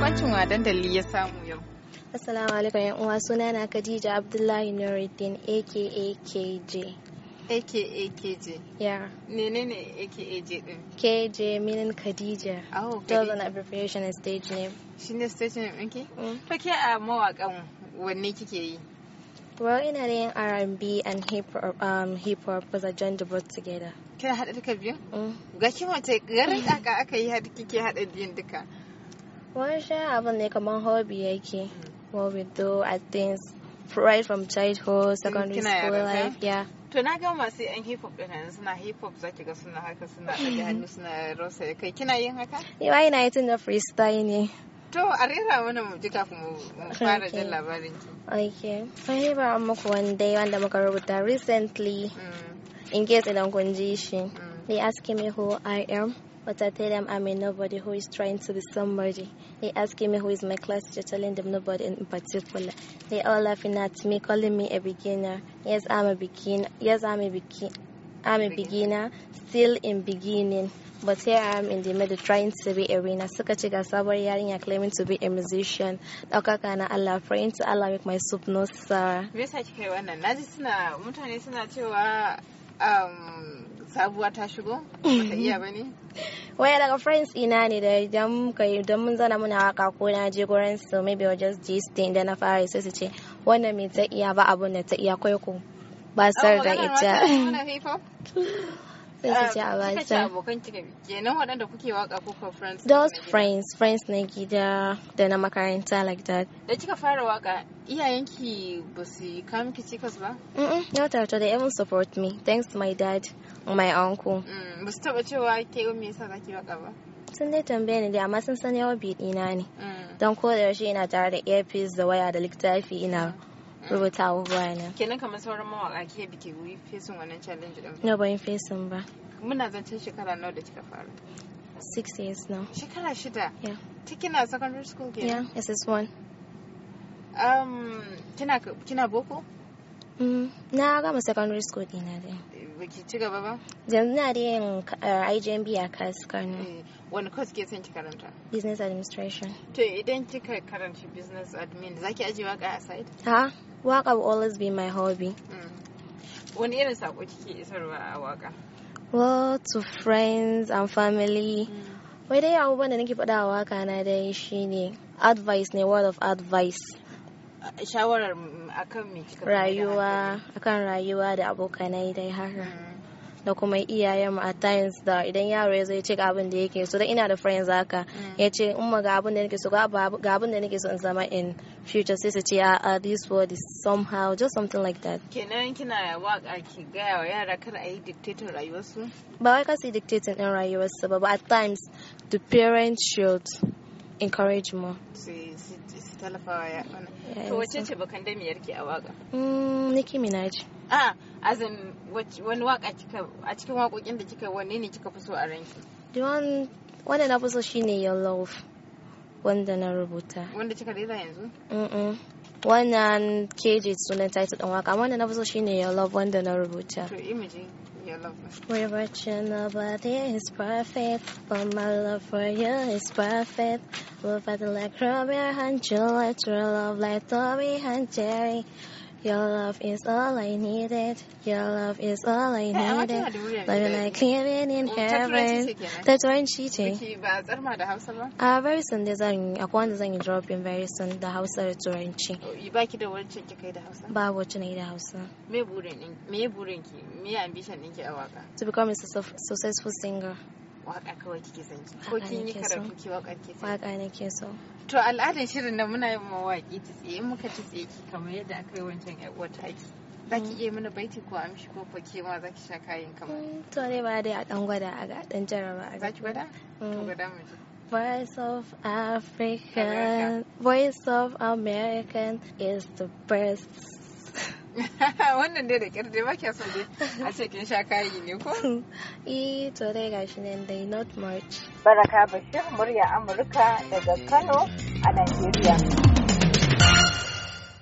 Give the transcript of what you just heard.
bambancin wa dandali ya samu yau. Assalamu alaikum yan uwa suna na Khadija Abdullahi Nuruddin aka KJ. aka KJ. ne Menene aka KJ din? KJ meaning Khadija. Oh, Khadija. Those an abbreviation and stage name. ne stage name ɗinki? Mm. To ke a mawaƙan wanne kike yi? Well, ina da yin R&B and hip hop, um, hip hop because I joined the both together. Kina haɗa duka biyun? Mm. Ga kin wace garin aka aka yi haɗa kike haɗa biyun duka? Wansha abin kamar hobby yake. What we do I think, right from childhood, mm, secondary school life, yeah. To na ga masu yan hip hop din yanzu suna hip hop zaki ga suna haka suna ɗaga hannu suna rosa kai kina yin haka? Ni ba ina yi tun da freestyle ne. To a rera mana mu ji kafin mu fara jin labarin ki. Okay. Sai ba muku one day wanda muka rubuta recently. Hmm. In case idan kun ji shi. They ask me who I am. But I tell them I'm a nobody who is trying to be somebody. They asking me who is my class teacher, telling them nobody in particular. They all laughing at me, calling me a beginner. Yes, I'm a beginner. Yes, I'm a beginner. I'm a beginner, still in beginning, but here I am in the middle trying to be a winner. Suka ce sabari sabuwar yarinya claiming to be a musician. Ɗaukaka kana Allah, praying to Allah make my soup no sour. Me yasa kika yi wannan? Naji suna mutane suna cewa um, sabuwa ta shigo ta iya ba ne waya daga friends ina ne da idan idan mun zana muna waka ko na je gurin su maybe or just gisting da na fara sai su ce wannan mai ta iya ba abun da ta iya kai ko ba sar da oh, ita sai su ce a ah, ba eh, sa kenan waɗanda kuke waka ko ko friends those friends friends na gida da na makaranta like that da kika fara waka iyayenki ba su cikas ba mm they even support me thanks to my dad my uncle mm, ba su taba cewa ke me yasa kake waka ba sun dai tambaye ni dai amma sun san yawan biɗina ne mm. don ko da yaushe ina tare da earpiece da waya da littafi ina mm. rubuta abubuwa na kenan kamar sauran mawaka ke bi ke yi fesin wannan challenge din na bayan fesin ba muna zancen shekara nawa da kika fara six years now shekara shida ta kina secondary school kenan yeah ss1 um kina kina boko Mm, na gama secondary school dina dai baki ci gaba ba yanzu na da yin uh, IJMB a kas Kano eh, wani course ke son ki karanta business administration to idan kika karanta, business admin zaki aje waka a side ha waka will always be my hobby mm. wani irin sako kike isarwa a waka well to friends and family mm. wai dai abubuwan da nake faɗa a waka na dai shine advice ne word of advice shawarar akan me rayuwa akan rayuwa da abokanai dai haka hmm. da kuma iyayen mu at times da idan yaro ya zo ya ce ga abin da yake so da ina da friends haka hmm. ya ce in ma ga abin da nake so ga abin da nake so in zama in future sai su ce a this word is somehow just something like that kenan kina waka ki gaya wa yara kar a yi dictating rayuwarsu ba wai kasi dictator din rayuwarsu ba but at times the parents should encourage more tallafawa ya to wace ce bakan mm, da kika a wanne ne kika fi so a ranki the na fi so shine your love wanda na rubuta wanda kika rera yanzu wannan keji sunan title waka wanda na fi so shine your love wanda na rubuta to We're watching nobody is perfect, but my love for you is perfect. We'll fight like Romeo and Juliet, true love like Tommy and Jerry. Your love is all I needed. Your love is all I needed. Living like living in oh, heaven. That's why I'm cheating. Ah, very soon da zan akwai wanda zan yi dropping very soon da Hausa da Turanci. Ba ki da wancan ki kai da house. Ba wacce na yi da Hausa. Me boring, me boring, ki? Me ambition ɗinki a waka? To become a successful singer waka nake so to al'adar shirin nan muna yin mawaki ta tsaye muka tsaye ki kamar yadda aka yi wancan yar taki zaki mm. iya mana baiti ko amshi ko fake ma zaki sha kayan kamar mm, to ba dai a dan gwada a ga dan jarraba a zaki gwada to mm. gwada mu ji Voice of African, Voice of American is the best wannan dai da kirde ba kya son dai a ce kin sha kayi ne ko eh to dai gashi nan dai not much baraka bashir murya amurka daga kano a najeriya